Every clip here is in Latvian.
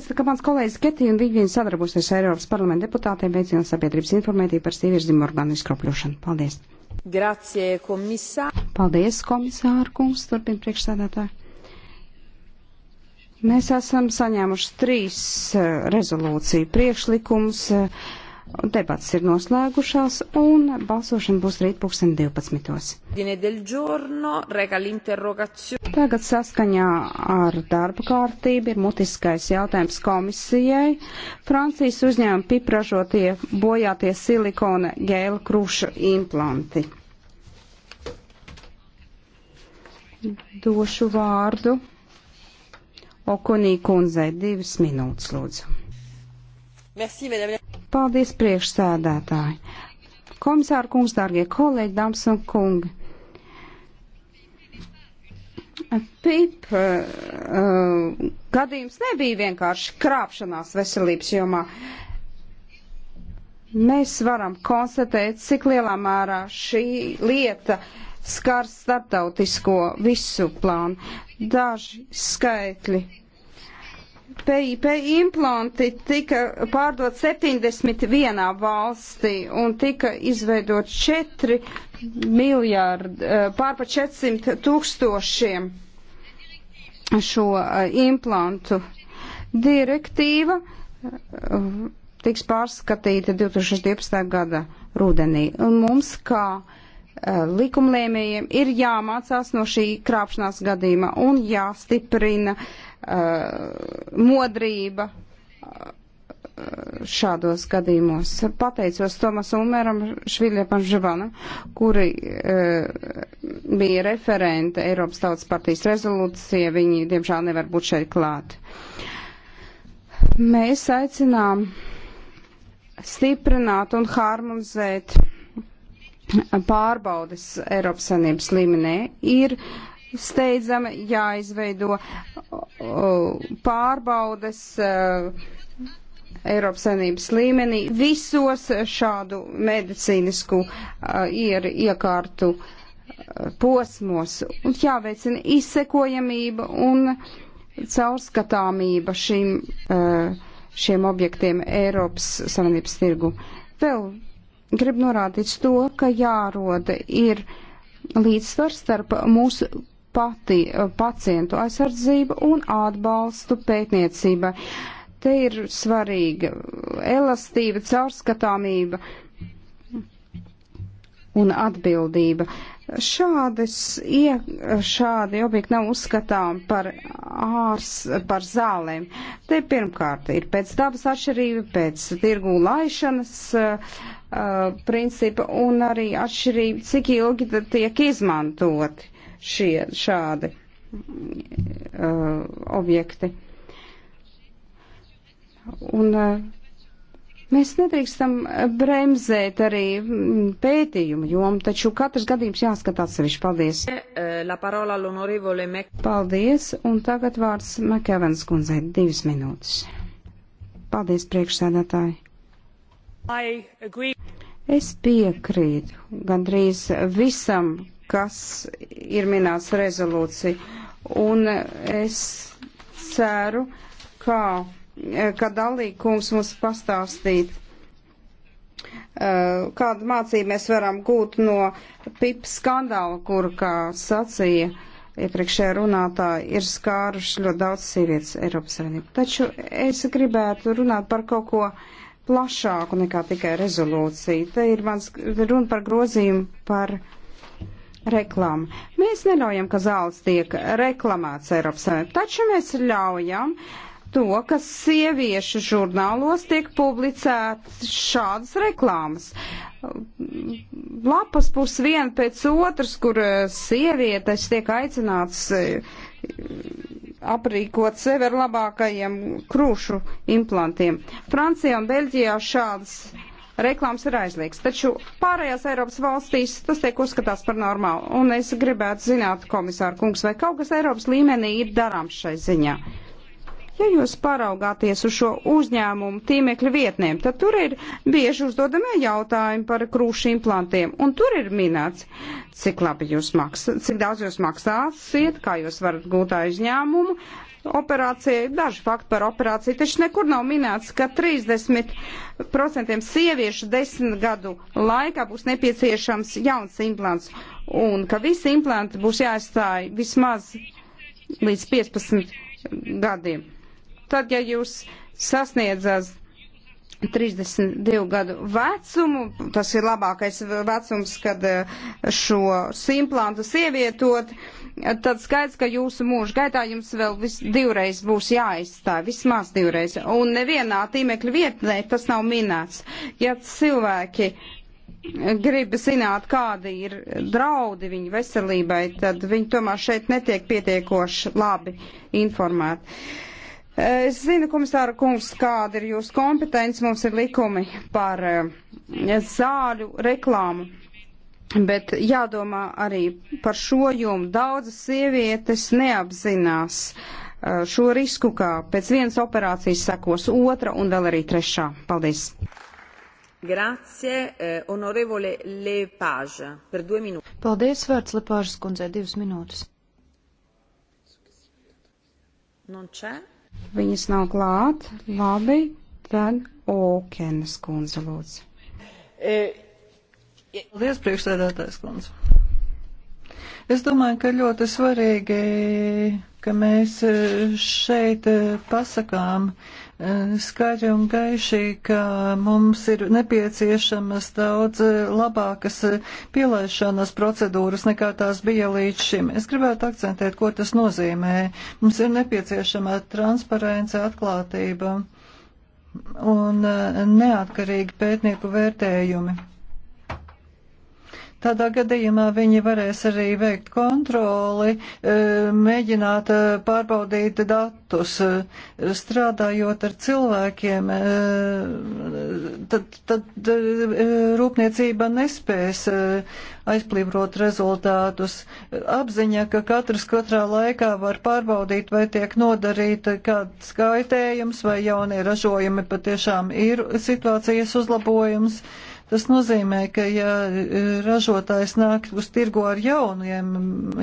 Es, ka mans kolēģis Ketī un Vigvīns sadarbosies ar Eiropas parlamenta deputātiem, veicinot sabiedrības informētību par sieviešu organisku kropļošanu. Paldies! Grazie, komisār! Paldies, komisāra kungs, turpin priekšsēdētāji. Mēs esam saņēmuši trīs eh, rezolūciju priekšlikumus. Uh, Debats ir noslēgušās un balsošana būs rīt 2012. Tagad saskaņā ar darba kārtību ir mutiskais jautājums komisijai. Francijas uzņēma pipražotie bojātie silikona gēla krūša implanti. Došu vārdu Okonī kundzei divas minūtes, lūdzu. Merci, madame. Paldies priekšsēdētāji. Komisāra kungs, dārgie kolēģi, dāmas un kungi. PIP uh, gadījums nebija vienkārši krāpšanās veselības jomā. Mēs varam konstatēt, cik lielā mērā šī lieta skar starptautisko visu plānu. Daži skaitļi PIP implanti tika pārdot 71 valstī un tika izveidot 4 miljārdi, eh, pārpa 400 tūkstošiem šo eh, implantu. Direktīva eh, tiks pārskatīta 2012. gada rudenī. Un mums, kā likumlēmējiem, ir jāmācās no šī krāpšanās gadījuma un jāstiprina uh, Uh, modrība uh, šādos gadījumos. Pateicos Tomas Umeram, Šviļepam Živanam, kuri e, bija referente Eiropas Tautas partijas rezolūcija. Viņi, diemžēl, nevar būt šeit klāt. Mēs aicinām stiprināt un harmonizēt pārbaudas Eiropas Sanības līmenī. Ir uh, steidzami jāizveido pārbaudes e, Eiropas Savienības līmenī visos šādu medicīnisku e, iekārtu. iekārtu posmos, un jāveicina izsekojamība un caurskatāmība šim, e, šiem objektiem Eiropas Savienības tirgu. Vēl gribu norādīt to, ka jāroda ir līdzsvars starp mūsu pati, eh, pacientu aizsardzība un atbalstu pētniecība. Te ir svarīga elastība, caurskatāmība un atbildība. Šādas, ie, šādi objekti nav uzskatām par, ārs, par zālēm. Te pirmkārt ir pēc dabas atšķirība, pēc tirgu laišanas uh, principa un arī atšķirība, cik ilgi tiek izmantoti šie šādi uh, objekti. Un uh, mēs nedrīkstam bremzēt arī mm, pētījumu jomu, taču katrs gadījums jāskat atsevišķi. Paldies. Eh, eh, Paldies, un tagad vārds Makevens kundzei divas minūtes. Paldies, priekšsēdētāji. Es piekrītu gandrīz visam, kas ir minēts rezolūcija. Un es ceru, kā, ka dalīkums mums pastāstīt, eh, kādu mācību mēs varam gūt no PIP skandāla, kur, kā sacīja, iepriekšējā runātā ir skāruši ļoti daudz sievietes Eiropas Savienību. Taču es gribētu runāt par kaut ko plašāku nekā tikai rezolūciju. Te ir mans runa par grozījumu par reklāma. Mēs neļaujam, ka zāles tiek reklamēts Eiropas Savienībā, taču mēs ļaujam to, ka sieviešu žurnālos tiek publicētas šādas reklāmas. Lapas pus viena pēc otras, kur eh, sievietes tiek aicināts eh, aprīkot sevi ar labākajiem krūšu implantiem. Francijā un Beļģijā šādas reklāmas ir aizliegts. Taču pārējās Eiropas valstīs tas tiek uzskatāts par normālu. Un es gribētu zināt, komisāra kungs, vai kaut kas Eiropas līmenī ir darāms šai ziņā. Ja jūs paraugāties uz šo uzņēmumu tīmekļa vietnēm, tad tur ir bieži uzdodamie jautājumi par krūšu implantiem. Un tur ir minēts, cik labi jūs maksāt, cik daudz jūs maksāsiet, kā jūs varat gūt aizņēmumu, operācijai, daži fakti par operāciju, taču nekur nav minēts, ka 30% sieviešu desmit gadu laikā būs nepieciešams jauns implants un ka visi implanti būs jāizstāj vismaz līdz 15 gadiem. Tad, ja jūs sasniedzat 32 gadu vecumu, tas ir labākais vecums, kad eh, šo implantu sievietot, uh, tad skaidrs, ka jūsu mūža gaitā jums vēl vis, divreiz būs jāizstāj, vismaz divreiz. Un nevienā tīmekļa vietnē tas nav minēts. Ja cilvēki grib zināt, kādi ir draudi viņu veselībai, tad viņi tomēr šeit netiek pietiekoši labi informēti. Es zinu, komisāra kungs, kāda ir jūsu kompetence, mums ir likumi par eh, zāļu reklāmu Bet jādomā arī par šo, jo daudzas sievietes neapzinās uh, šo risku, kā pēc vienas operācijas sekos otra un vēl arī trešā. Paldies! Grazie, honorevole eh, Lepāža, par divu minūtu. Paldies, vārds Lepāžas kundzei, divas minūtes. Non c'è? Viņas nav klāt. Labi, tad Okenas kundze lūdzu. E Paldies, priekšsēdētājs kundze. Es domāju, ka ļoti svarīgi, ka mēs e, šeit e, pasakām e, skaļi un gaiši, ka mums ir nepieciešamas daudz labākas pielaišanas procedūras nekā tās bija līdz šim. Es gribētu akcentēt, ko tas nozīmē. Mums ir nepieciešama transparence, atklātība un neatkarīgi pētnieku vērtējumi. Tādā gadījumā viņi varēs arī veikt kontroli, e, mēģināt e, pārbaudīt datus, e, strādājot ar cilvēkiem. Tad, tad rūpniecība nespēs aizplīvrot rezultātus. Apziņa, ka katrs katrā laikā var pārbaudīt, vai tiek nodarīta kāds kaitējums, vai jaunie ražojumi patiešām ir situācijas uzlabojums. Uh, Tas nozīmē, ka ja e, ražotājs nāk uz tirgo ar jauniem,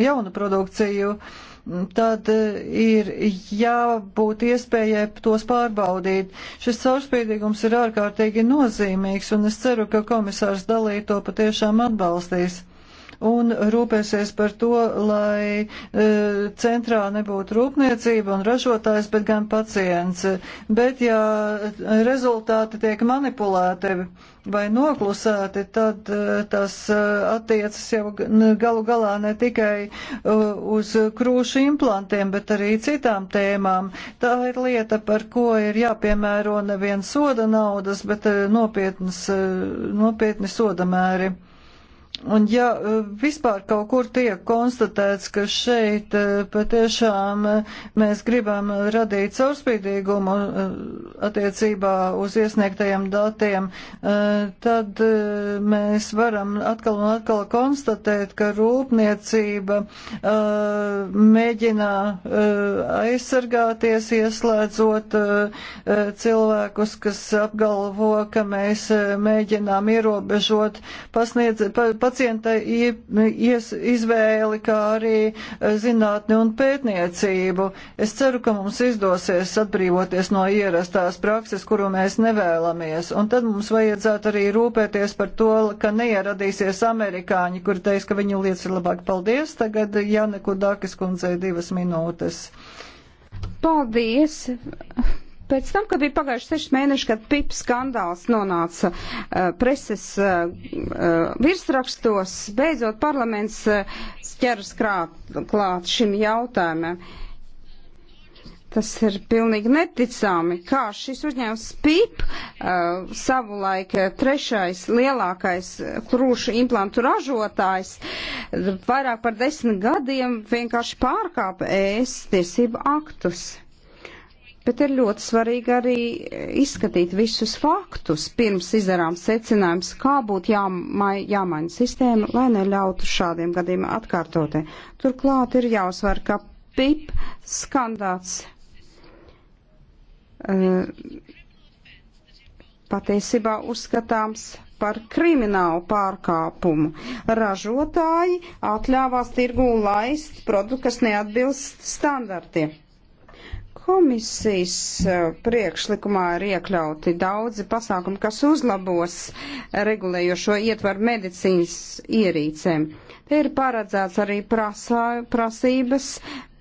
jaunu produkciju, tad e, ir jābūt iespējai tos pārbaudīt. Šis caurspīdīgums ir ārkārtīgi nozīmīgs, un es ceru, ka komisārs dalī to patiešām atbalstīs un rūpēsies par to, lai e, centrā nebūtu rūpniecība un ražotājs, bet gan pacients. Bet ja rezultāti tiek manipulēti vai noklusēti, tad e, tas e, attiecas jau galu galā ne tikai uz krūšu implantiem, bet arī citām tēmām. Tā ir lieta, par ko ir jāpiemēro nevien soda naudas, bet nopietnas, nopietni soda mēri. Un ja e, vispār kaut kur tiek konstatēts, ka šeit e, patiešām e, mēs gribam radīt caurspīdīgumu attiecībā uz iesniegtajiem datiem, tad mēs varam atkal un atkal konstatēt, ka rūpniecība mēģina aizsargāties, ieslēdzot cilvēkus, kas apgalvo, ka mēs mēģinām ierobežot pasniedz, pa, pacienta izvēli, kā arī eh, zinātni un pētniecību. Es ceru, ka mums izdosies atbrīvoties no ierastās prakses, kuru mēs nevēlamies. Un tad mums vajadzētu arī rūpēties par to, ka neieradīsies amerikāņi, kuri teiks, ka viņu lietas ir labāk. Paldies! Tagad Janeku Dākas kundzei divas minūtes. Paldies! Pēc tam, kad bija pagājuši seši mēneši, kad PIP skandāls nonāca uh, preses uh, virsrakstos, beidzot parlaments uh, ķeras krāt, klāt šim jautājumam. Tas ir pilnīgi neticami, kā šis uzņēmums PIP, uh, savulaik trešais lielākais krūšu implantu ražotājs, vairāk par desmit gadiem vienkārši pārkāpa ēst tiesību aktus. Bet ir ļoti svarīgi arī e, izskatīt visus faktus, pirms izdarām secinājums, kā būtu jāmai, jāmaina sistēma, lai neļautu šādiem gadījumiem atkārtotē. Turklāt ir jāuzsver, ka pip skandāts uh, patiesībā uzskatāms par kriminālu pārkāpumu. Ražotāji atļāvās tirgū laist produktu, kas neatbilst standartiem Komisijas eh, priekšlikumā ir iekļauti daudzi pasākumi, kas uzlabos regulējošo ietvaru medicīnas ierīcēm. Te ir paredzēts arī prasā, prasības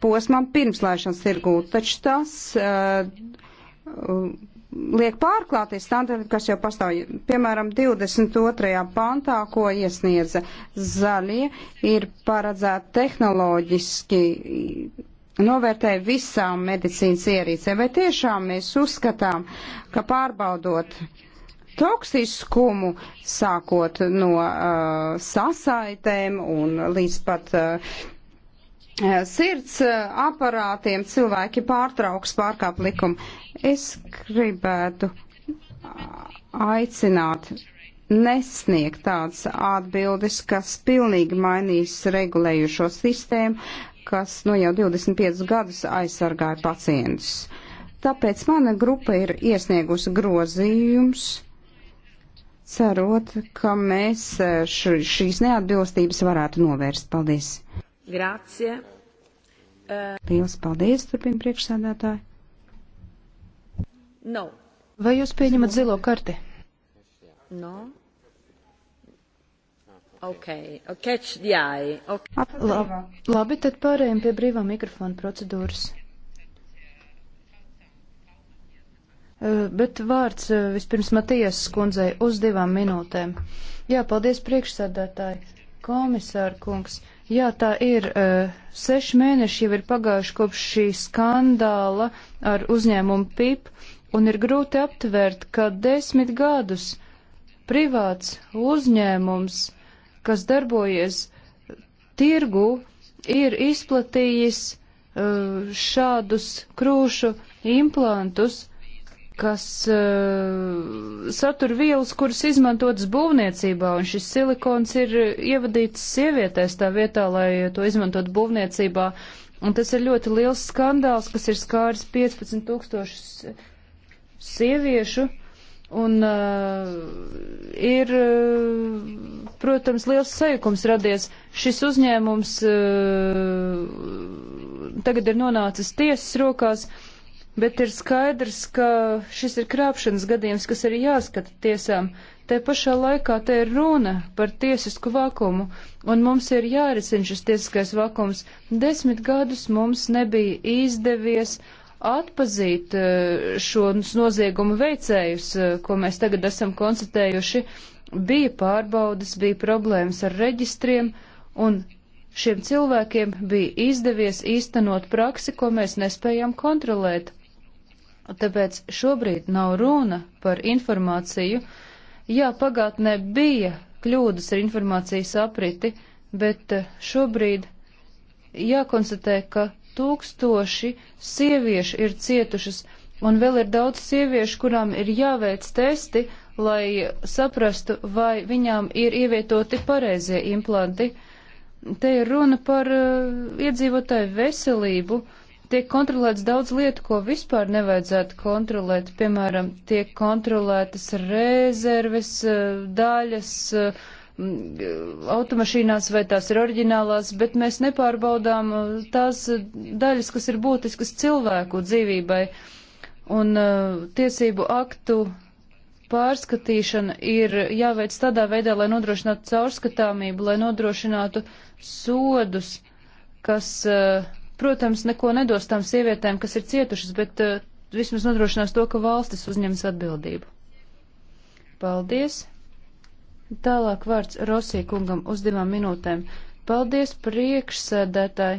posmam pirmslēšanas tirgū, taču tas uh, liek pārklāties standarti, kas jau pastāv. Piemēram, 22. pantā, ko iesniedza zaļie, ir paredzēta tehnoloģiski novērtēja visām medicīnas ierīcēm, vai tiešām mēs uzskatām, ka pārbaudot toksiskumu, sākot no uh, sasaitēm un līdz pat uh, sirds uh, aparātiem, cilvēki pārtrauks pārkāp likumu. Es gribētu uh, aicināt nesniegt tādas atbildes, kas pilnīgi mainīs regulējušo sistēmu, kas nu jau 25 gadus aizsargāja pacientus. Tāpēc mana grupa ir iesniegusi grozījums, cerot, ka mēs e, š, šīs neatbilstības varētu novērst. Paldies! Grācie! E, Liels paldies, turpina priekšsēdētāji! No. Vai jūs pieņemat zilo karti? No. Okay. Okay. Okay. Lab, labi, tad pārējiem pie brīvā mikrofona procedūras. Eh, bet vārds eh, vispirms Matijas skundzei uz divām minūtēm. Jā, paldies priekšsēdētāji, komisāra kungs. Jā, tā ir. Eh, seši mēneši jau ir pagājuši kopš šī skandāla ar uzņēmumu PIP, un ir grūti aptvert, ka desmit gadus privāts uzņēmums kas darbojas tirgu, ir izplatījis uh, šādus krūšu implantus, kas uh, satur vielas, kuras izmantotas būvniecībā, un šis silikons ir ievadīts sievietēs tā vietā, lai to izmantot būvniecībā. Un tas ir ļoti liels skandāls, kas ir skāris 15 tūkstošus sieviešu. Uh, Un uh, ir, uh, protams, liels sajukums radies. Šis uzņēmums uh, tagad ir nonācis tiesas rokās, bet ir skaidrs, ka šis ir krāpšanas gadījums, kas arī jāskata tiesām. Te pašā laikā te ir runa par tiesisku vakumu, un mums ir jārisina šis tiesiskais vakums. Desmit gadus mums nebija izdevies uh, atpazīt eh, šos noziegumu veicējus, eh, ko mēs tagad esam konstatējuši. Bija pārbaudas, bija problēmas ar reģistriem, un šiem cilvēkiem bija izdevies īstenot praksi, ko mēs nespējām kontrolēt. Tāpēc šobrīd nav runa par informāciju. Jā, pagātnē bija kļūdas ar informācijas apriti, bet eh, šobrīd jākonstatē, ka tūkstoši sieviešu ir cietušas, un vēl ir daudz sieviešu, kurām ir jāveic testi, lai saprastu, vai viņām ir ievietoti pareizie implanti. Te ir runa par uh, iedzīvotāju veselību. Tiek kontrolēts daudz lietu, ko vispār nevajadzētu kontrolēt. Piemēram, tiek kontrolētas rezerves, uh, daļas, uh, Mm, automašīnās vai tās ir oriģinālās, bet mēs nepārbaudām uh, tās daļas, kas ir būtiskas cilvēku dzīvībai. Un uh, tiesību aktu pārskatīšana ir jāveic tādā veidā, lai nodrošinātu caurskatāmību, lai nodrošinātu sodus, kas, uh, protams, neko nedos tām sievietēm, kas ir cietušas, bet uh, vismaz nodrošinās to, ka valstis uzņems atbildību. Paldies! Tālāk vārds Rosī kungam uz divām minūtēm. Paldies priekšsēdētāji.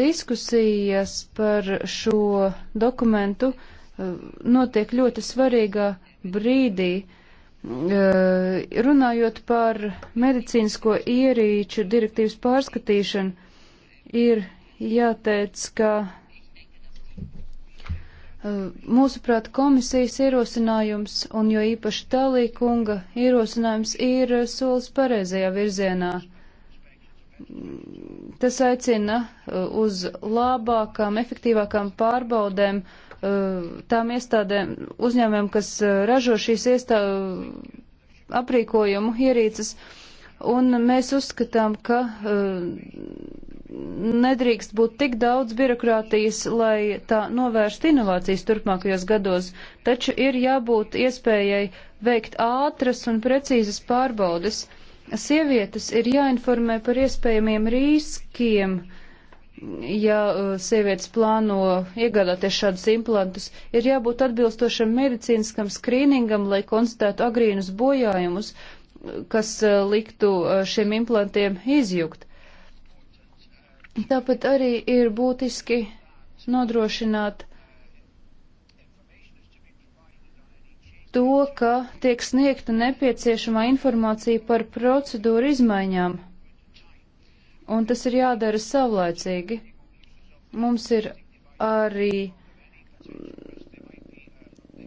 Diskusijas par šo dokumentu eh, notiek ļoti svarīgā brīdī. Eh, runājot par medicīnisko ierīču direktīvas pārskatīšanu, ir jāteic, ka Eh, mūsuprāt, komisijas ierosinājums, un jo īpaši Talī kunga ierosinājums, ir eh, solis pareizajā virzienā. Tas aicina eh, uz labākām, efektīvākām pārbaudēm tām iestādēm, uzņēmumiem, kas ražo šīs iestā, aprīkojumu ierīces. Uh, un mēs uzskatām, ka eh, nedrīkst būt tik daudz birokrātijas, lai tā novērst inovācijas turpmākajos gados, taču ir jābūt iespējai veikt ātras un precīzas pārbaudes. Sievietes ir jāinformē par iespējamiem riskiem, ja eh, sievietes plāno iegādāties šādus implantus. Ir jābūt atbilstošam medicīniskam skrīningam, lai konstatētu agrīnus bojājumus. Uh, kas eh, liktu eh, šiem implantiem izjukt. Tāpat arī ir būtiski nodrošināt to, ka tiek sniegta nepieciešamā informācija par procedūru izmaiņām, un tas ir jādara savlaicīgi. Mums ir arī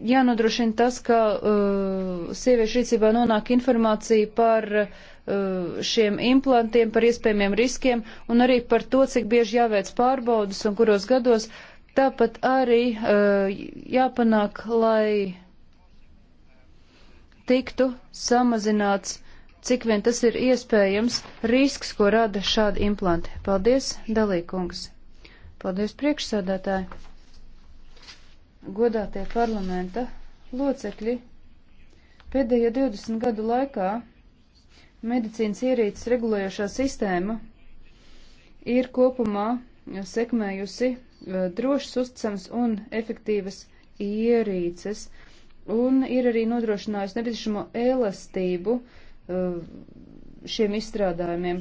jānodrošina tas, ka uh, sieviešu rīcībā nonāk informācija par uh, šiem implantiem, par iespējamiem riskiem un arī par to, cik bieži jāveic pārbaudas un kuros gados. Tāpat arī uh, jāpanāk, lai tiktu samazināts, cik vien tas ir iespējams, risks, ko rada šādi implanti. Paldies, dalīkungs! Paldies, priekšsādātāji! godātie parlamenta locekļi, pēdējo 20 gadu laikā medicīnas ierīces regulējošā sistēma ir kopumā sekmējusi e, drošas, uzticamas un efektīvas ierīces, un ir arī nodrošinājusi nepieciešamo elastību e, šiem izstrādājumiem.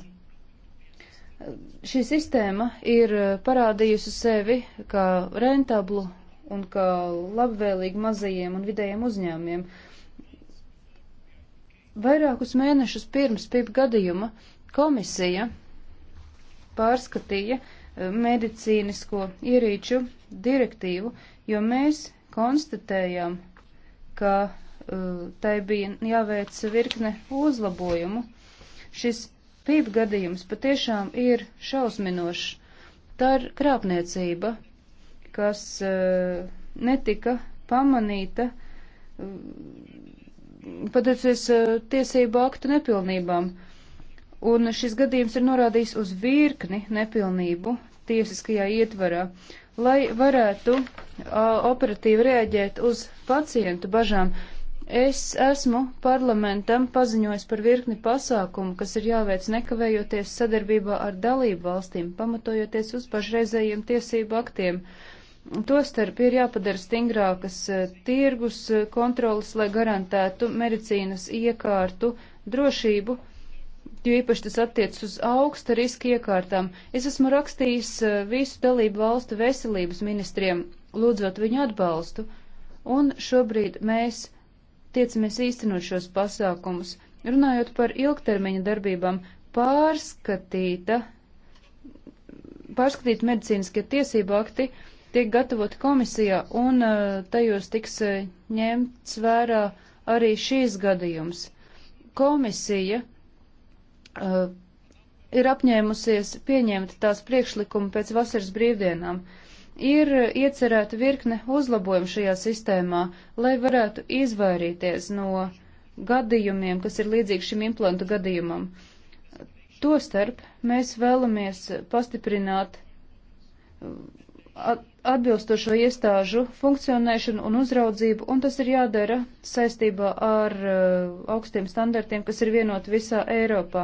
Šī sistēma ir e, parādījusi sevi kā rentablu un kā labvēlīgi mazajiem un vidējiem uzņēmumiem. Vairākus mēnešus pirms PIP gadījuma komisija pārskatīja eh, medicīnisko ierīču direktīvu, jo mēs konstatējām, ka uh, tai bija jāveic virkne uzlabojumu. Šis PIP gadījums patiešām ir šausminošs. Tā ir krāpniecība, kas eh, netika pamanīta eh, pateicoties eh, tiesību aktu nepilnībām. Un šis gadījums ir norādījis uz virkni nepilnību tiesiskajā ietvarā, lai varētu operatīvi reaģēt uz pacientu bažām. Es esmu parlamentam paziņojis par virkni pasākumu, kas ir jāveic nekavējoties sadarbībā ar dalību valstīm, pamatojoties uz pašreizējiem tiesību aktiem. Uh, Tostarp ir jāpadara stingrākas eh, tirgus eh, kontrolas, lai garantētu medicīnas iekārtu drošību, jo īpaši tas attiec uz augsta riska iekārtām. Es esmu rakstījis eh, visu dalību valstu veselības ministriem, lūdzot viņu atbalstu, un šobrīd mēs tiecamies īstenot šos pasākumus. Runājot par ilgtermiņa darbībām, pārskatīta, pārskatīta medicīniskie tiesību akti, uh, tiek gatavoti komisijā, un uh, tajos tiks uh, ņemts vērā arī šīs gadījums. Komisija uh, ir apņēmusies pieņemt tās priekšlikumu pēc vasaras brīvdienām. Ir iecerēta virkne uzlabojumu šajā sistēmā, lai varētu izvairīties no gadījumiem, kas ir līdzīgi šim implantu gadījumam. Tostarp mēs vēlamies pastiprināt uh, at, atbilstošo iestāžu funkcionēšanu un uzraudzību, un tas ir jādara saistībā ar uh, augstiem standartiem, kas ir vienot visā Eiropā.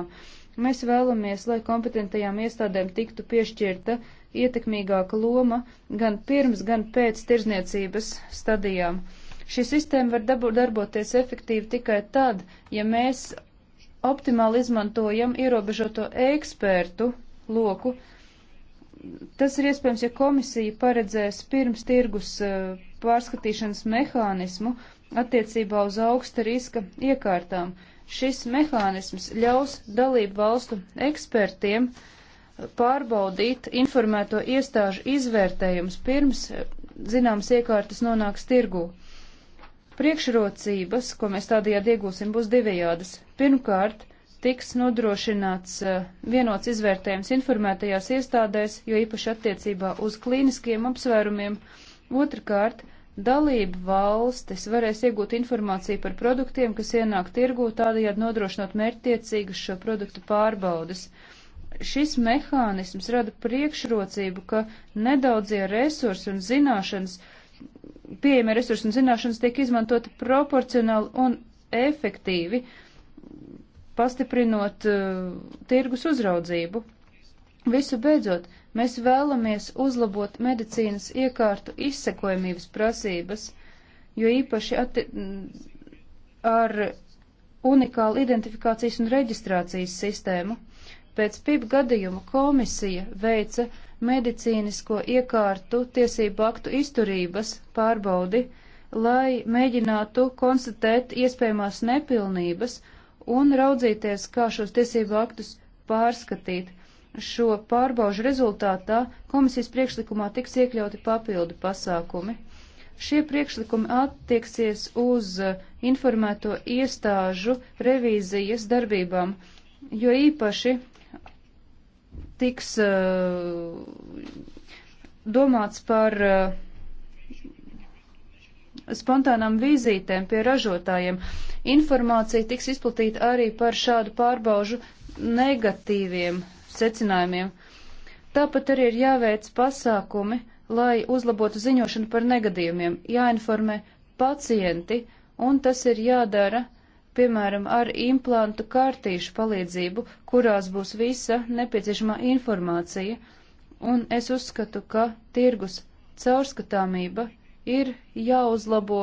Mēs vēlamies, lai kompetentajām iestādēm tiktu piešķirta ietekmīgāka loma gan pirms, gan pēc tirzniecības stadijām. Šī sistēma var dabu, darboties efektīvi tikai tad, ja mēs optimāli izmantojam ierobežoto ekspertu loku, uh, Tas ir iespējams, ja komisija paredzēs pirms tirgus eh, pārskatīšanas mehānismu attiecībā uz augsta riska iekārtām. Šis mehānisms ļaus dalību valstu ekspertiem pārbaudīt informēto iestāžu izvērtējums pirms eh, zināmas iekārtas nonāks tirgū. Priekšrocības, ko mēs tādējādi iegūsim, būs divējādas. Pirmkārt, tiks nodrošināts eh, vienots izvērtējums informētajās iestādēs, jo īpaši attiecībā uz klīniskiem apsvērumiem. Otrakārt, dalību valstis varēs iegūt informāciju par produktiem, kas ienāk tirgū, tādējādi nodrošinot mērķtiecīgas šo produktu pārbaudas. Šis mehānisms rada priekšrocību, ka nedaudzie resursi un zināšanas, pieejamie resursi un zināšanas tiek izmantoti proporcionāli un efektīvi. Uh, pastiprinot uh, tirgus uzraudzību. Visu beidzot, mēs vēlamies uzlabot medicīnas iekārtu izsekojamības prasības, jo īpaši atti ar unikālu identifikācijas un reģistrācijas sistēmu. Pēc PIB gadījuma komisija veica medicīnisko iekārtu tiesību aktu izturības pārbaudi, lai mēģinātu konstatēt iespējamās nepilnības un raudzīties, kā šos tiesību aktus pārskatīt. Šo pārbaužu rezultātā komisijas priekšlikumā tiks iekļauti papildu pasākumi. Šie priekšlikumi attieksies uz informēto iestāžu revīzijas darbībām, jo īpaši tiks uh, domāts par uh, spontānām vizītēm pie ražotājiem. Informācija tiks izplatīta arī par šādu pārbaužu negatīviem secinājumiem. Tāpat arī ir jāveic pasākumi, lai uzlabotu ziņošanu par negadījumiem, jāinformē pacienti, un tas ir jādara, piemēram, ar implantu kārtīšu palīdzību, kurās būs visa nepieciešamā informācija, un es uzskatu, ka tirgus caurskatāmība ir jāuzlabo,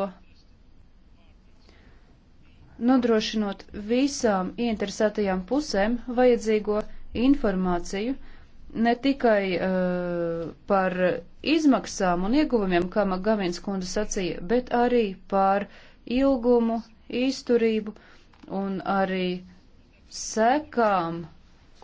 nodrošinot visām interesētajām pusēm vajadzīgo informāciju ne tikai uh, par izmaksām un ieguvumiem, kā Magavins kundze sacīja, bet arī par ilgumu, izturību un arī sekām,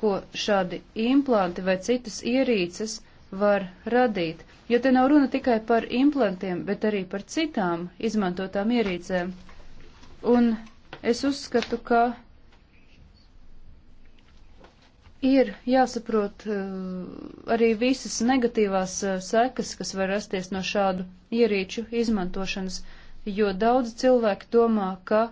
ko šādi implanti vai citas ierīces var radīt jo te nav runa tikai par implantiem, bet arī par citām izmantotām ierīcēm. Un es uzskatu, ka ir jāsaprot eh, arī visas negatīvās eh, sekas, kas var rasties no šādu ierīču izmantošanas, jo daudz cilvēku domā, ka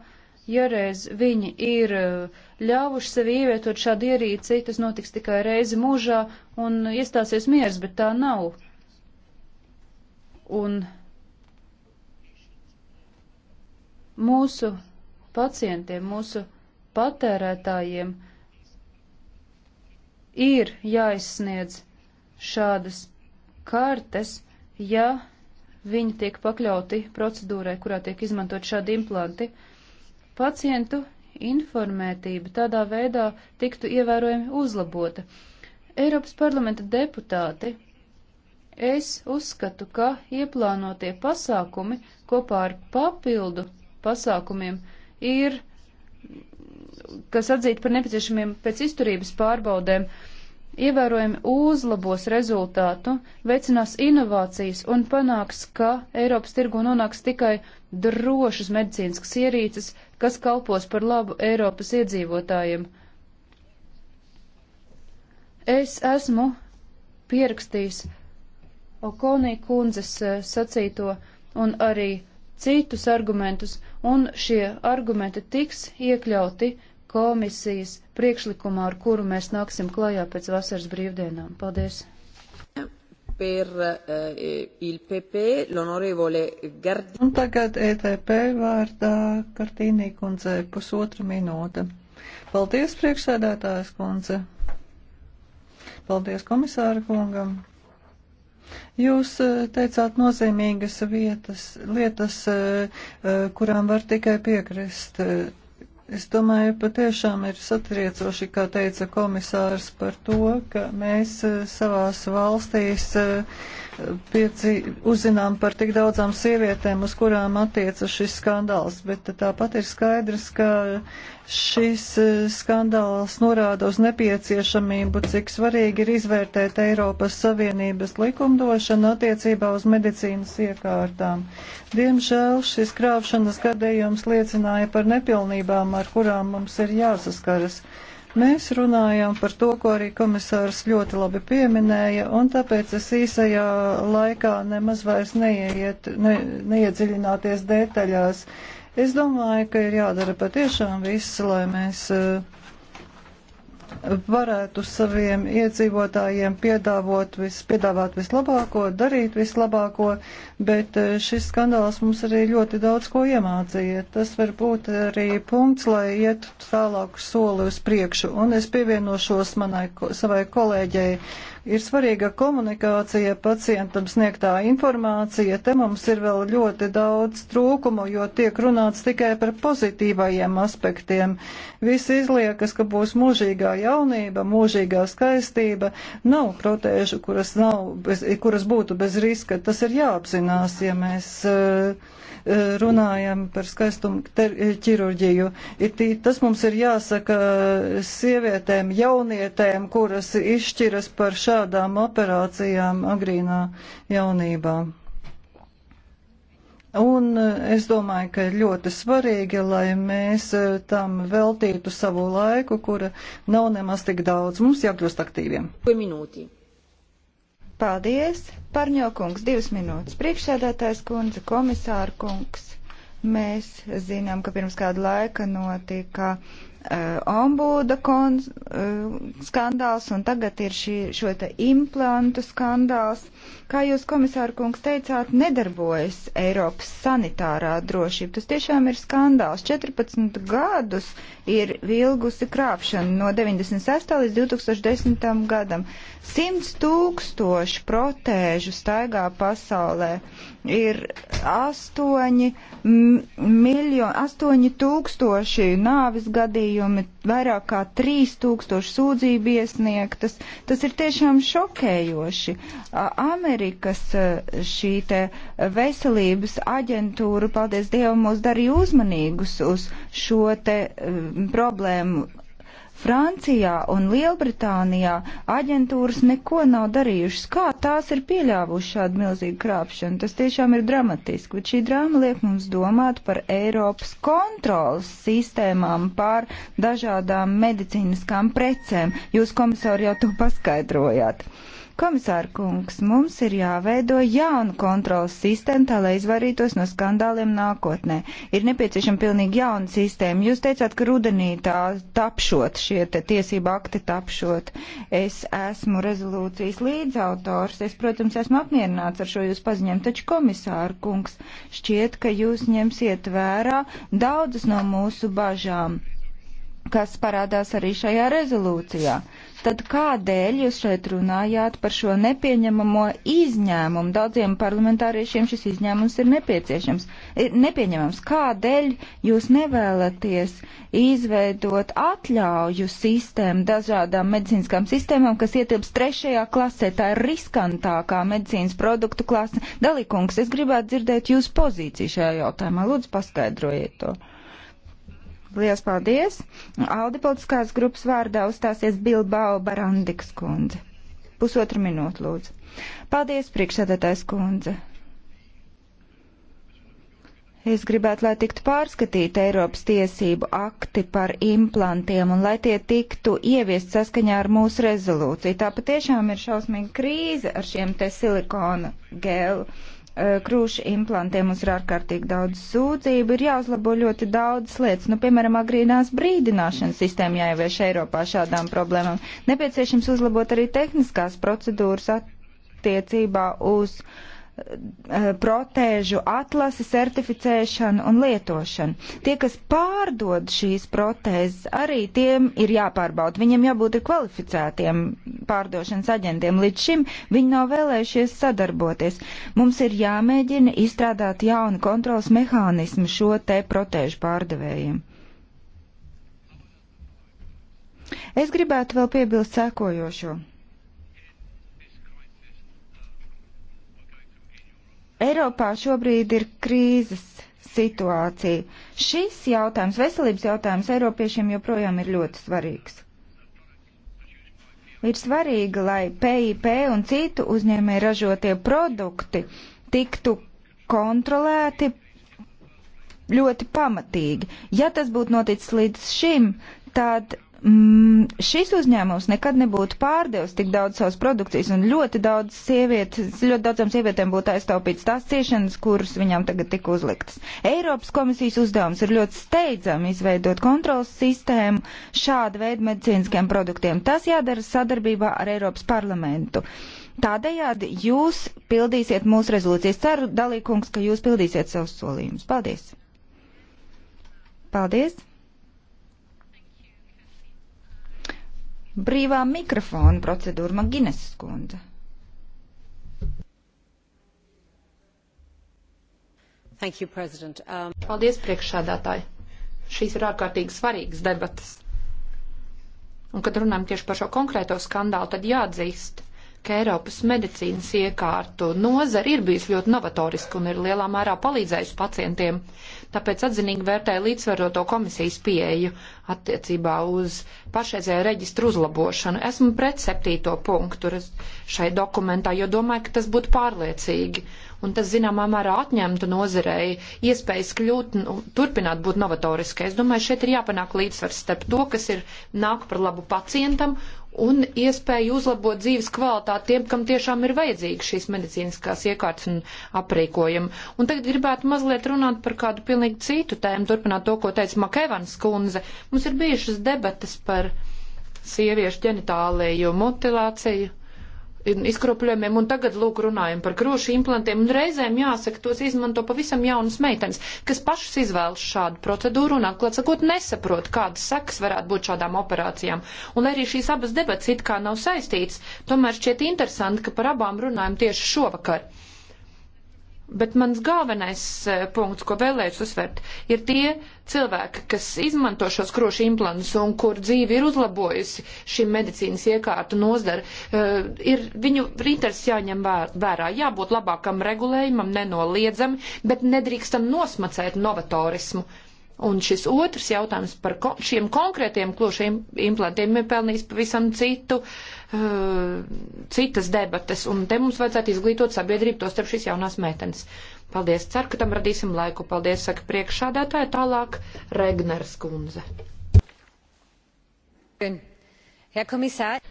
ja reiz viņi ir eh, ļāvuši sev ievietot šādu ierīci, tas notiks tikai reizi mūžā un iestāsies miers, bet tā nav. Un mūsu pacientiem, mūsu patērētājiem ir jāizsniedz šādas kartes, ja viņi tiek pakļauti procedūrai, kurā tiek izmantot šādi implanti. Pacientu informētība tādā veidā tiktu ievērojami uzlabota. Eiropas parlamenta deputāti Es uzskatu, ka ieplānotie pasākumi kopā ar papildu pasākumiem ir, kas atzīt par nepieciešamiem pēc izturības pārbaudēm, ievērojami uzlabos rezultātu, veicinās inovācijas un panāks, ka Eiropas tirgu nonāks tikai drošas medicīniskas ierīces, kas kalpos par labu Eiropas iedzīvotājiem. Es esmu pierakstījis Okonī kundzes eh, sacīto un arī citus argumentus, un šie argumenti tiks iekļauti komisijas priekšlikumā, ar kuru mēs nāksim klajā pēc vasaras brīvdienām. Paldies! Per, uh, PP, Gard... Un tagad ETP vārdā Kartīnī kundze pusotra minūte. Paldies, priekšsēdētājs kundze! Paldies komisāra kungam! Jūs eh, teicāt nozīmīgas vietas, lietas, eh, eh, kurām var tikai piekrist. Es domāju, patiešām ir satriecoši, kā teica komisārs, par to, ka mēs savās valstīs piedzi, uzzinām par tik daudzām sievietēm, uz kurām attiecas šis skandāls, bet tāpat ir skaidrs, ka šis e, skandāls norāda uz nepieciešamību, cik svarīgi ir izvērtēt Eiropas Savienības likumdošanu attiecībā uz medicīnas iekārtām. Diemžēl šis krāpšanas gadījums liecināja par nepilnībām, ar kurām mums ir jāsaskaras. Mēs runājām par to, ko arī komisārs ļoti labi pieminēja, un tāpēc es īsajā laikā nemaz vairs neiet, ne, neiedziļināties detaļās. Es domāju, ka ir jādara patiešām viss, lai mēs uh, varētu saviem iedzīvotājiem piedāvot vis, piedāvāt vislabāko, darīt vislabāko, bet eh, šis skandāls mums arī ļoti daudz ko iemācīja. Tas var būt arī punkts, lai iet tālāku soli uz priekšu. Un es pievienošos manai ko, savai kolēģei Ir svarīga komunikācija, pacientam sniegtā informācija. Te mums ir vēl ļoti daudz trūkumu, jo tiek runāts tikai par pozitīvajiem aspektiem. Visi izliekas, ka būs mūžīgā jaunība, mūžīgā skaistība. Nav protēžu, kuras, nav, bez, kuras būtu bez riska. Tas ir jāapzinās, ja mēs. Uh, runājam par skaistumu ķirurģiju. Tas mums ir jāsaka sievietēm, jaunietēm, kuras izšķiras par šādām operācijām agrīnā jaunībā. Un eh, es domāju, ka ir ļoti svarīgi, lai mēs eh, tam veltītu savu laiku, kura nav nemaz tik daudz. Mums jākļūst aktīviem. Minūti. Paldies! Parņokungs, divas minūtes. Priekšsēdētājs kundze, komisāra kungs. Mēs zinām, ka pirms kādu laiku notika Eh, ombuda kon, eh, skandāls un tagad ir šī, šo te implantu skandāls. Kā jūs, komisāra kungs, teicāt, nedarbojas Eiropas sanitārā drošība. Tas tiešām ir skandāls. 14 gadus ir vilgusi krāpšana no 96. līdz 2010. gadam. 100 tūkstoši protēžu staigā pasaulē ir 8, miljo, 8 tūkstoši nāvis gadījumi gadījumi, vairāk kā 3000 sūdzību iesniegtas. Tas ir tiešām šokējoši. Amerikas šī te veselības aģentūra, paldies Dievam, mūs darīja uzmanīgus uz šo te problēmu Francijā un Lielbritānijā aģentūras neko nav darījušas. Kā tās ir pieļāvušas šādu milzīgu krāpšanu? Tas tiešām ir dramatiski, bet šī drāma liek mums domāt par Eiropas kontrolas sistēmām, par dažādām medicīniskām precēm. Jūs, komisāri, jau to paskaidrojāt. Uh, Komisāra kungs, mums ir jāveido jauna kontrolas sistēma, tā lai izvairītos no skandāliem nākotnē. Ir nepieciešama pilnīgi jauna sistēma. Jūs teicāt, ka rudenī tā tapšot, šie tiesība akti tapšot. Es esmu rezolūcijas līdzautors. Es, protams, esmu apmierināts ar šo jūs paziņojumu, taču komisāra kungs, šķiet, ka jūs ņemsiet vērā daudzas no mūsu bažām kas parādās arī šajā rezolūcijā. Tad kādēļ jūs šeit runājāt par šo nepieņemamo izņēmumu? Daudziem parlamentāriešiem šis izņēmums ir nepieciešams. Ir nepieņemams. Kādēļ jūs nevēlaties izveidot atļauju sistēmu dažādām medicīniskām sistēmām, kas ietilps trešajā klasē? Tā ir riskantākā medicīnas produktu klase. Dalīkungs, es gribētu dzirdēt jūsu pozīciju šajā jautājumā. Lūdzu, paskaidrojiet to. Lielas paldies! Aldi politiskās grupas vārdā uzstāsies Bilbao Barandikas kundze. Pusotru minūtu lūdzu. Paldies, priekšsēdētājs kundze! Es gribētu, lai tiktu pārskatīti Eiropas tiesību akti par implantiem un lai tie tiktu ieviest saskaņā ar mūsu rezolūciju. Tā patiešām ir šausmīga krīze ar šiem te silikona gēlu Eh, krūšu implantiem mums ir ārkārtīgi daudz sūdzību, ir jāuzlabo ļoti daudz lietas. Nu, piemēram, agrīnās brīdināšanas sistēma jāievieš Eiropā šādām problēmām. Nepieciešams uzlabot arī tehniskās procedūras attiecībā uz uh, Eh, protēžu atlasi, certificēšanu un lietošanu. Tie, kas pārdod šīs protēzes, arī tiem ir jāpārbauda. Viņiem jābūt ir kvalificētiem pārdošanas aģentiem. Līdz šim viņi nav vēlējušies sadarboties. Mums ir jāmēģina izstrādāt jaunu kontrols mehānismu šo te protēžu pārdevējiem. Es gribētu vēl piebilst sekojošo. Eiropā šobrīd ir krīzes situācija. Šis jautājums, veselības jautājums Eiropiešiem joprojām ir ļoti svarīgs. Ir svarīgi, lai PIP un citu uzņēmē ražotie produkti tiktu kontrolēti ļoti pamatīgi. Ja tas būtu noticis līdz šim, tad Mm, šis uzņēmums nekad nebūtu pārdevis tik daudz savas produkcijas, un ļoti, daudz sievietes, ļoti daudzām sievietēm būtu aiztaupīts tās ciešanas, kuras viņām tagad tika uzliktas. Eiropas komisijas uzdevums ir ļoti steidzami izveidot kontrolas sistēmu šāda veida medicīniskiem produktiem. Tas jādara sadarbībā ar Eiropas parlamentu. Tādējādi jūs pildīsiet mūsu rezolūcijas. Ceru, dalīkungs, ka jūs pildīsiet savus solījumus. Paldies! Paldies! brīvā mikrofona procedūra Maginas skundze. You, um... Paldies, priekšsādātāji. Šīs ir ārkārtīgi svarīgas debatas. Un, kad runājam tieši par šo konkrēto skandālu, tad jāatzīst, ka Eiropas medicīnas iekārtu nozara ir bijusi ļoti novatoriska un ir lielā mērā palīdzējusi pacientiem. Tāpēc atzinīgi vērtēja līdzsvaroto komisijas pieeju attiecībā uz pašreizēju reģistru uzlabošanu. Esmu pret septīto punktu šai dokumentā, jo domāju, ka tas būtu pārliecīgi un tas, zināmā mērā, atņemtu nozarei iespējas kļūt, nu, turpināt būt novatoriskai. Es domāju, šeit ir jāpanāk līdzsvars starp to, kas ir nāk par labu pacientam un iespēju uzlabot dzīves kvalitāti tiem, kam tiešām ir vajadzīga šīs medicīniskās iekārtas un aprīkojuma. Un tagad gribētu mazliet runāt par kādu pilnīgi citu tēmu, turpināt to, ko teica Makevans kundze. Mums ir bijušas debatas par sieviešu ģenitāliju mutilāciju izkropļojumiem, un tagad lūk runājam par krošu implantiem, un reizēm jāsaka, tos izmanto pavisam jaunas meitenes, kas pašas izvēlas šādu procedūru un atklāt sakot nesaprot, kādas sekas varētu būt šādām operācijām. Un lai arī šīs abas debats it kā nav saistītas, tomēr šķiet interesanti, ka par abām runājam tieši šovakar. Bet mans galvenais e, punkts, ko vēlēšu uzsvērt, ir tie cilvēki, kas izmanto šos krošu implantus un kur dzīve ir uzlabojusi šī medicīnas iekārtu nozara, e, ir viņu intereses jāņem vērā. Jābūt labākam regulējumam, nenoliedzami, bet nedrīkstam nosmacēt novatorismu. Un šis otrs jautājums par ko, šiem konkrētiem klošiem implantiem ir pelnījis pavisam citu, uh, citas debates, un te mums vajadzētu izglītot sabiedrību tos starp šīs jaunās meitenes. Paldies, ceru, ka tam radīsim laiku. Paldies, saka priekšādātāja, tālāk Regners kundze. Herr Kommissar.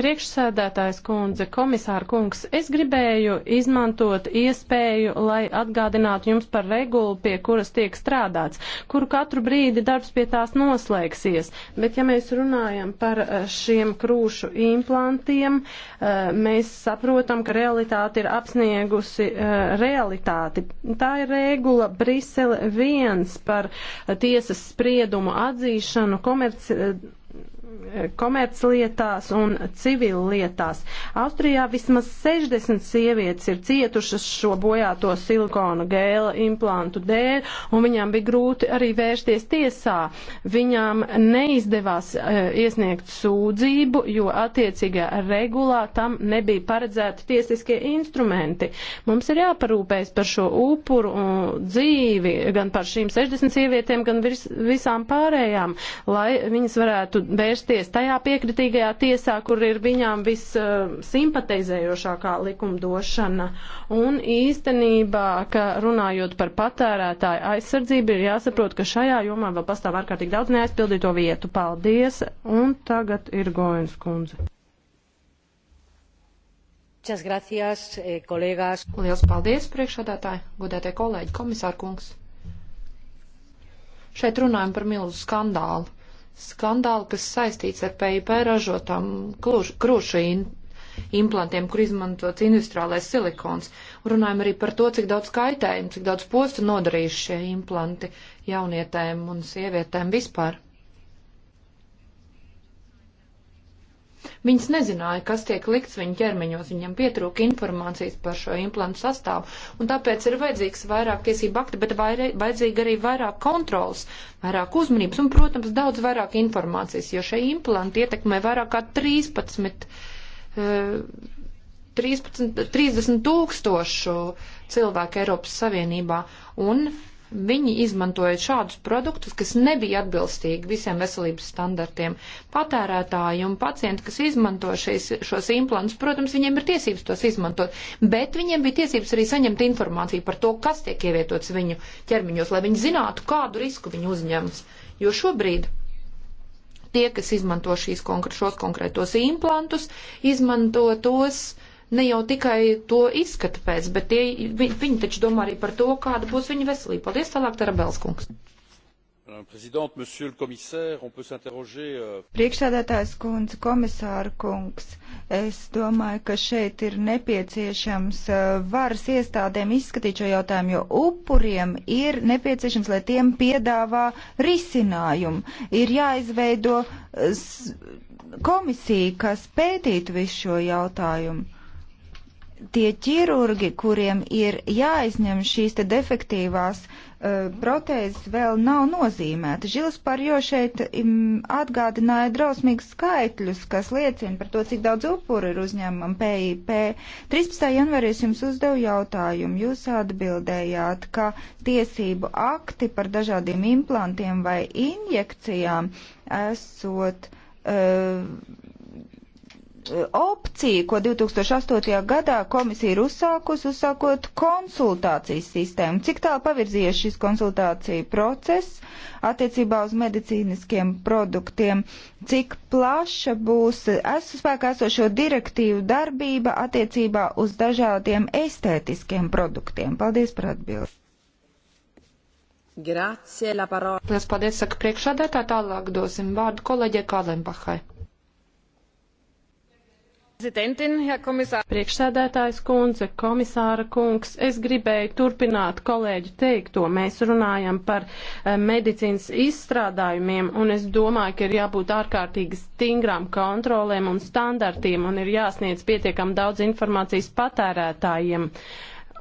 Priekšsēdētājs kundze, komisāra kungs, es gribēju izmantot iespēju, lai atgādinātu jums par regulu, pie kuras tiek strādāts, kuru katru brīdi darbs pie tās noslēgsies. Bet ja mēs runājam par eh, šiem krūšu implantiem, eh, mēs saprotam, ka realitāte ir apsniegusi eh, realitāti. Tā ir regula Brisele 1 par tiesas spriedumu atzīšanu komerci komerclietās un civillietās. Austrijā vismaz 60 sievietes ir cietušas šo bojāto silikona gēla implantu dēļ, un viņām bija grūti arī vērsties tiesā. Viņām neizdevās e, iesniegt sūdzību, jo attiecīgā regulā tam nebija paredzēti tiesiskie instrumenti. Mums ir jāparūpējas par šo upuru dzīvi, gan par šīm 60 sievietēm, gan vis, visām pārējām, lai viņas varētu vērsties vērsties tajā piekritīgajā tiesā, kur ir viņām vissimpatizējošākā uh, likumdošana. Un īstenībā, ka runājot par patērētāju aizsardzību, ir jāsaprot, ka šajā jomā vēl pastāv ārkārtīgi daudz neaizpildīto vietu. Paldies! Un tagad ir Goins kundze. Gracias, eh, Lielas paldies, priekšādātāji, godētie kolēģi, komisārkungs. Šeit runājam par milzu skandālu skandālu, kas saistīts ar PIP ražotām krūšu implantiem, kur izmantots industriālais silikons. Runājam arī par to, cik daudz kaitējumu, cik daudz postu nodarījuši šie implanti jaunietēm un sievietēm vispār. Viņas nezināja, kas tiek likts viņu ķermeņos, viņam pietrūka informācijas par šo implantu sastāvu, un tāpēc ir vajadzīgs vairāk tiesību akti, bet vajadzīga arī vairāk kontrols, vairāk uzmanības un, protams, daudz vairāk informācijas, jo šie implanti ietekmē vairāk kā 13. Uh, 13, 30 tūkstošu cilvēku Eiropas Savienībā, un Viņi izmantoja šādus produktus, kas nebija atbilstīgi visiem veselības standartiem. Patērētāji un pacienti, kas izmanto šīs, šos implantus, protams, viņiem ir tiesības tos izmantot, bet viņiem bija tiesības arī saņemt informāciju par to, kas tiek ievietots viņu ķermeņos, lai viņi zinātu, kādu risku viņi uzņems. Jo šobrīd tie, kas izmanto šīs, konkr šos konkrētos implantus, izmanto tos ne jau tikai to izskata pēc, bet tie, viņi, viņi taču domā arī par to, kāda būs viņa veselība. Paldies, tālāk, Tarabels kungs. Euh, Priekšsēdētājs kundze, komisāra kungs, es domāju, ka šeit ir nepieciešams uh, varas iestādēm izskatīt šo jautājumu, jo upuriem ir nepieciešams, lai tiem piedāvā risinājumu. Ir jāizveido uh, komisija, kas pētītu visu šo jautājumu tie ķirurgi, kuriem ir jāizņem šīs te defektīvās uh, protēzes, vēl nav nozīmēta. Žils par jo šeit um, atgādināja drausmīgus skaitļus, kas liecina par to, cik daudz upuru ir uzņēmumam PIP. 13. janvarī es jums uzdevu jautājumu. Jūs atbildējāt, ka tiesību akti par dažādiem implantiem vai injekcijām esot. Uh, opcija, ko 2008. gadā komisija ir uzsākusi, uzsākot konsultācijas sistēmu. Cik tālu pavirzījies šis konsultāciju process attiecībā uz medicīniskiem produktiem? Cik plaša būs esu spēkā esošo direktīvu darbība attiecībā uz dažādiem estētiskiem produktiem? Paldies par atbildi. Grazie, la parola. Paldies, saka priekšādētā, tālāk dosim vārdu kolēģē Kālempahai. Priekšsēdētājs kundze, komisāra kungs, es gribēju turpināt kolēģu teikto. Mēs runājam par eh, medicīnas izstrādājumiem, un es domāju, ka ir jābūt ārkārtīgi stingrām kontrolēm un standartiem, un ir jāsniedz pietiekam daudz informācijas patērētājiem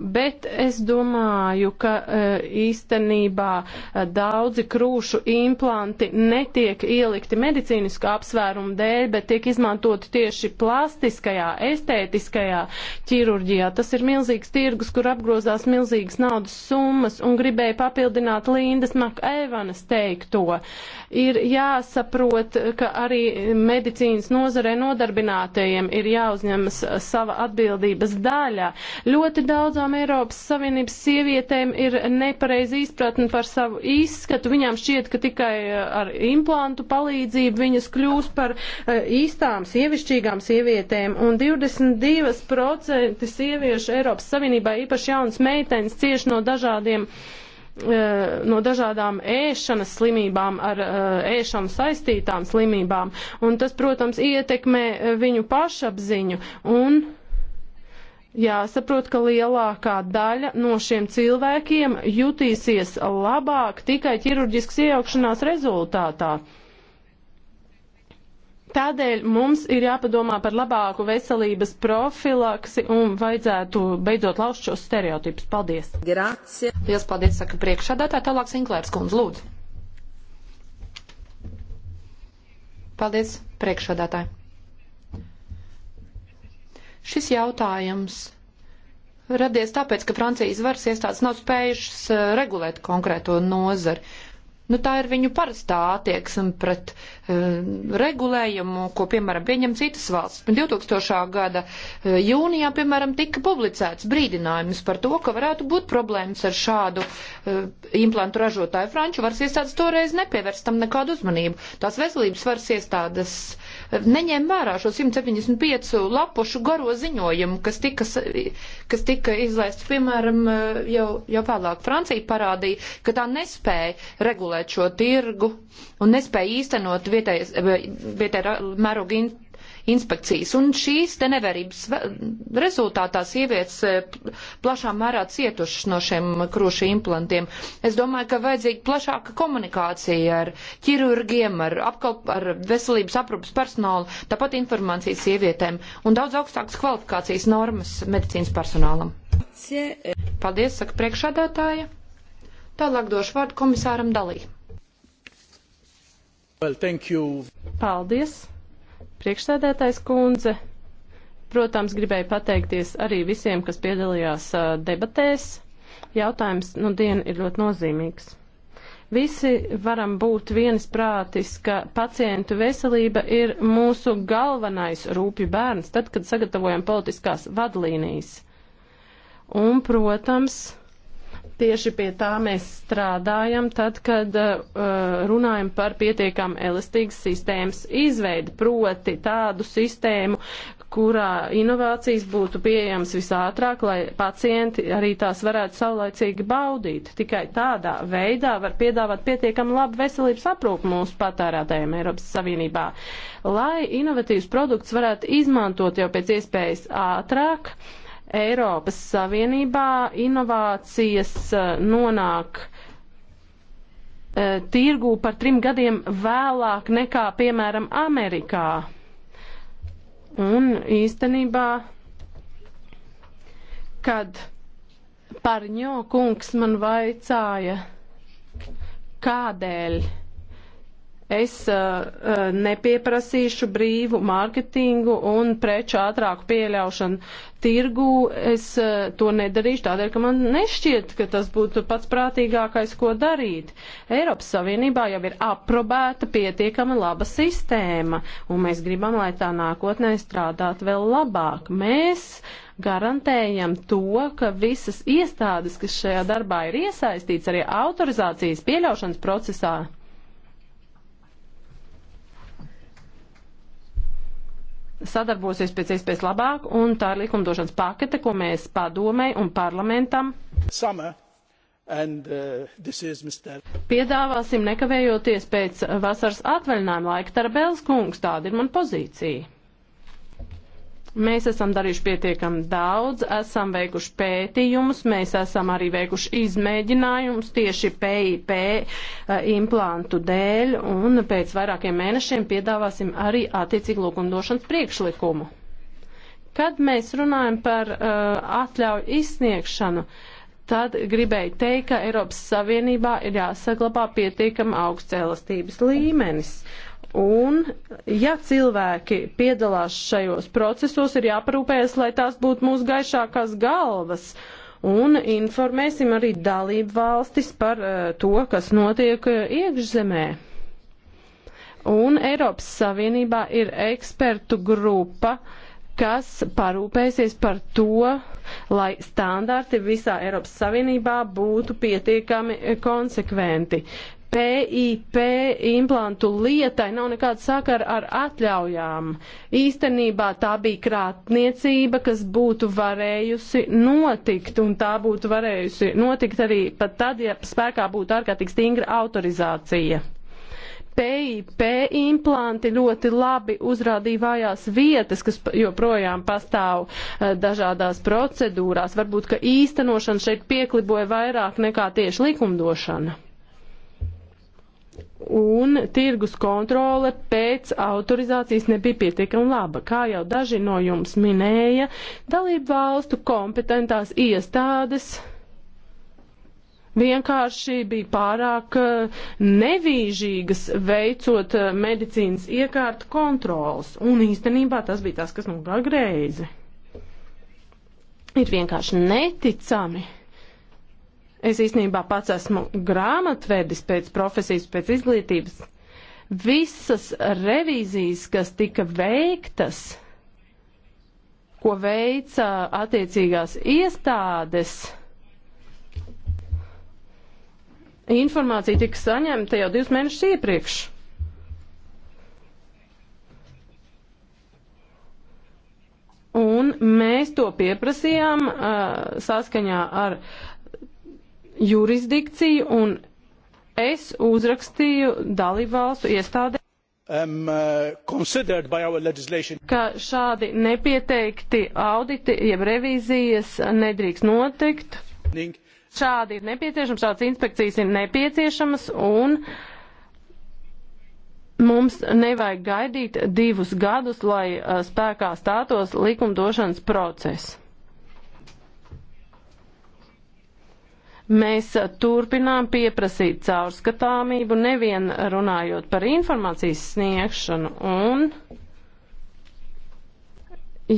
bet es domāju, ka eh, īstenībā eh, daudzi krūšu implanti netiek ielikti medicīnisku apsvērumu dēļ, bet tiek izmantoti tieši plastiskajā, estētiskajā ķirurģijā. Tas ir milzīgs tirgus, kur apgrozās milzīgas naudas summas un gribēju papildināt Lindas Makēvanas teikto. Ir jāsaprot, ka arī medicīnas nozarē nodarbinātajiem ir jāuzņemas eh, sava atbildības daļa. Ļoti daudzām daudzām Eiropas Savienības sievietēm ir nepareizi izpratni par savu izskatu. Viņām šķiet, ka tikai eh, ar implantu palīdzību viņas kļūs par eh, īstām sievišķīgām sievietēm. Un 22% sieviešu Eiropas Savienībā, īpaši jaunas meitenes, cieši no dažādiem eh, no dažādām ēšanas slimībām, ar ēšanu saistītām slimībām, un tas, protams, ietekmē viņu pašapziņu, un Jāsaprot, ka lielākā daļa no šiem cilvēkiem jutīsies labāk tikai ķirurģiskas iejaukšanās rezultātā. Tādēļ mums ir jāpadomā par labāku veselības profilaksi un vajadzētu beidzot lauzt šos stereotipus. Paldies! Grācie! Lielas paldies, saka priekšādātāja, tālāk Sinklērs kundze, lūdzu! Paldies, priekšādātāji! Šis jautājums radies tāpēc, ka Francijas varas iestādes nav spējušas eh, regulēt konkrēto nozari. Nu, tā ir viņu parastā attieksme pret uh, regulējumu, ko, piemēram, pieņem citas valsts. 2000. gada uh, jūnijā, piemēram, tika publicēts brīdinājums par to, ka varētu būt problēmas ar šādu uh, implantu ražotāju. Franču varas iestādes toreiz nepievērst tam nekādu uzmanību. Tās veselības varas iestādes neņēma vērā šo 175 lapušu garo ziņojumu, kas tika, kas tika izlaists, piemēram, jau, jau vēlāk Francija parādīja, ka tā nespēja regulēt šo tirgu un nespēja īstenot vietējas, vietē mērogu inspekcijas. Un šīs te neverības rezultātā sievietes e, plašā mērā cietušas no šiem krūšu implantiem. Es domāju, ka vajadzīga plašāka komunikācija ar ķirurgiem, ar, apkalp, ar veselības aprūpas personālu, tāpat informācijas sievietēm un daudz augstākas kvalifikācijas normas medicīnas personālam. Paldies, saka priekšādātāja. Tālāk došu vārdu komisāram Dalī. Well, thank you. Paldies. Priekšsēdētājs kundze, protams, gribēju pateikties arī visiem, kas piedalījās debatēs. Jautājums nu diena ir ļoti nozīmīgs. Visi varam būt viensprātis, ka pacientu veselība ir mūsu galvenais rūpju bērns, tad, kad sagatavojam politiskās vadlīnijas. Un, protams, Tieši pie tā mēs strādājam, tad, kad uh, runājam par pietiekam elastīgas sistēmas izveidi, proti tādu sistēmu, kurā inovācijas būtu pieejamas visātrāk, lai pacienti arī tās varētu saulaicīgi baudīt. Tikai tādā veidā var piedāvāt pietiekam labu veselības aprūpu mūsu patērētājiem Eiropas Savienībā. Lai inovatīvs produkts varētu izmantot jau pēc iespējas ātrāk, uh, Eiropas Savienībā inovācijas eh, nonāk eh, tirgū par trim gadiem vēlāk nekā, piemēram, Amerikā. Un īstenībā, kad Parņo kungs man vaicāja, kādēļ Es uh, uh, nepieprasīšu brīvu mārketingu un preču ātrāku pieļaušanu tirgu. Es uh, to nedarīšu tādēļ, ka man nešķiet, ka tas būtu pats prātīgākais, ko darīt. Eiropas Savienībā jau ir aprobēta pietiekami laba sistēma, un mēs gribam, lai tā nākotnē strādāt vēl labāk. Mēs garantējam to, ka visas iestādes, kas šajā darbā ir iesaistīts arī autorizācijas pieļaušanas procesā, sadarbosies pēc iespējas labāk, un tā ir likumdošanas pakete, ko mēs padomēji un parlamentam. Summer. And, uh, Piedāvāsim nekavējoties pēc vasaras atvaļinājuma laika. Tarabels kungs, tāda ir man pozīcija. Mēs esam darījuši pietiekami daudz, esam veikuši pētījumus, mēs esam arī veikuši izmēģinājumus tieši PIP eh, implantu dēļ, un pēc vairākiem mēnešiem piedāvāsim arī attiecīgu lūgumdošanas priekšlikumu. Kad mēs runājam par uh, atļauju izsniegšanu, uh, tad gribēju teikt, ka Eiropas Savienībā ir jāsaglabā pietiekama augsts elastības līmenis. Un, ja cilvēki piedalās šajos procesos, ir jāparūpējas, lai tās būtu mūsu gaišākās galvas. Un informēsim arī dalību valstis par uh, to, kas notiek uh, iekšzemē. Un Eiropas Savienībā ir ekspertu grupa, kas parūpēsies par to, lai standarti visā Eiropas Savienībā būtu pietiekami eh, konsekventi. PIP implantu lietai nav nekāda sakara ar atļaujām. Īstenībā tā bija krātniecība, kas būtu varējusi notikt, un tā būtu varējusi notikt arī pat tad, ja spēkā būtu ārkārtīgi stingra autorizācija. PIP implanti ļoti labi uzrādīja vājās vietas, kas joprojām pastāv eh, dažādās procedūrās. Varbūt, ka īstenošana šeit piekliboja vairāk nekā tieši likumdošana un tirgus kontrole pēc autorizācijas nebija pietiekami laba. Kā jau daži no jums minēja, dalību valstu kompetentās iestādes vienkārši bija pārāk eh, nevīžīgas veicot eh, medicīnas iekārtu kontrols, un īstenībā tas bija tas, kas nogāja greizi. Ir vienkārši neticami Es īstenībā pats esmu grāmatvedis pēc profesijas, pēc izglītības. Visas revīzijas, kas tika veiktas, ko veica attiecīgās iestādes, informācija tika saņemta jau divus mēnešus iepriekš. Un mēs to pieprasījām uh, saskaņā ar jurisdikciju un es uzrakstīju dalībvalstu iestādē. Um, uh, ka šādi nepieteikti auditi, jeb revīzijas nedrīkst notikt. Šādi ir nepieciešams, šādas inspekcijas ir nepieciešamas un uh, mums nevajag gaidīt divus gadus, lai uh, spēkā stātos likumdošanas process. Mēs uh, turpinām pieprasīt caurskatāmību, nevien runājot par informācijas sniegšanu un,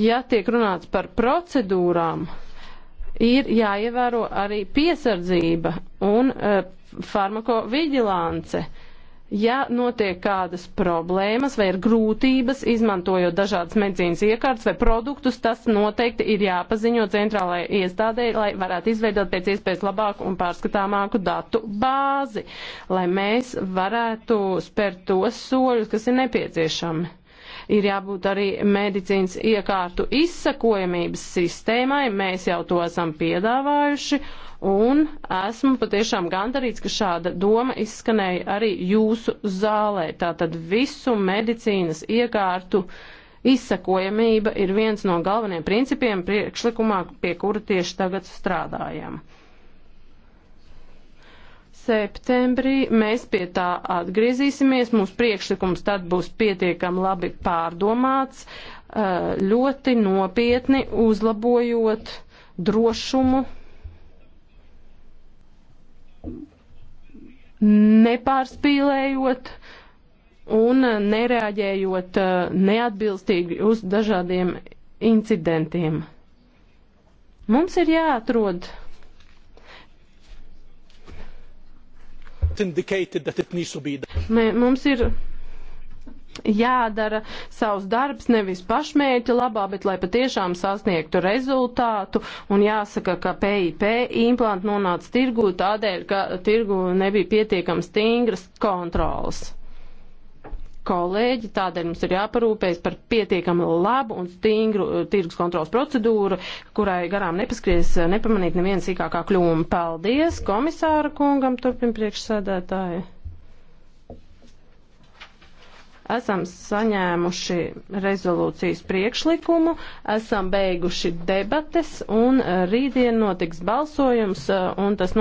ja tiek runāts par procedūrām, ir jāievēro arī piesardzība un uh, farmakovigilance. Uh, Ja notiek kādas problēmas vai ir grūtības, izmantojot dažādas medicīnas iekārtas vai produktus, tas noteikti ir jāpaziņo centrālajai iestādēji, lai varētu izveidot pēc iespējas labāku un pārskatāmāku datu bāzi, lai mēs varētu spērt tos soļus, kas ir nepieciešami ir jābūt arī medicīnas iekārtu izsakojamības sistēmai. Mēs jau to esam piedāvājuši. Un esmu patiešām gandarīts, ka šāda doma izskanēja arī jūsu zālē. Tātad visu medicīnas iekārtu izsakojamība ir viens no galvenajiem principiem priekšlikumā, pie kura tieši tagad strādājam septembrī mēs pie tā atgriezīsimies. Mūsu priekšlikums tad būs pietiekami labi pārdomāts, ļoti nopietni uzlabojot drošumu nepārspīlējot un nereaģējot neatbilstīgi uz dažādiem incidentiem. Mums ir jāatrod Mē, mums ir jādara savs darbs nevis pašmērķa labā, bet lai patiešām sasniegtu rezultātu. Un jāsaka, ka PIP implants nonāca tirgū tādēļ, ka tirgū nebija pietiekams stingras kontrolas kolēģi, tādēļ mums ir jāparūpējas par pietiekami labu un stingru eh, tirgus kontrols procedūru, kurai garām nepaskries eh, nepamanīt neviena sīkākā kļūma. Paldies komisāra kungam, turpin priekšsēdētāji. Esam saņēmuši rezolūcijas priekšlikumu, esam beiguši debates un eh, rītdien notiks balsojums un tas notiks.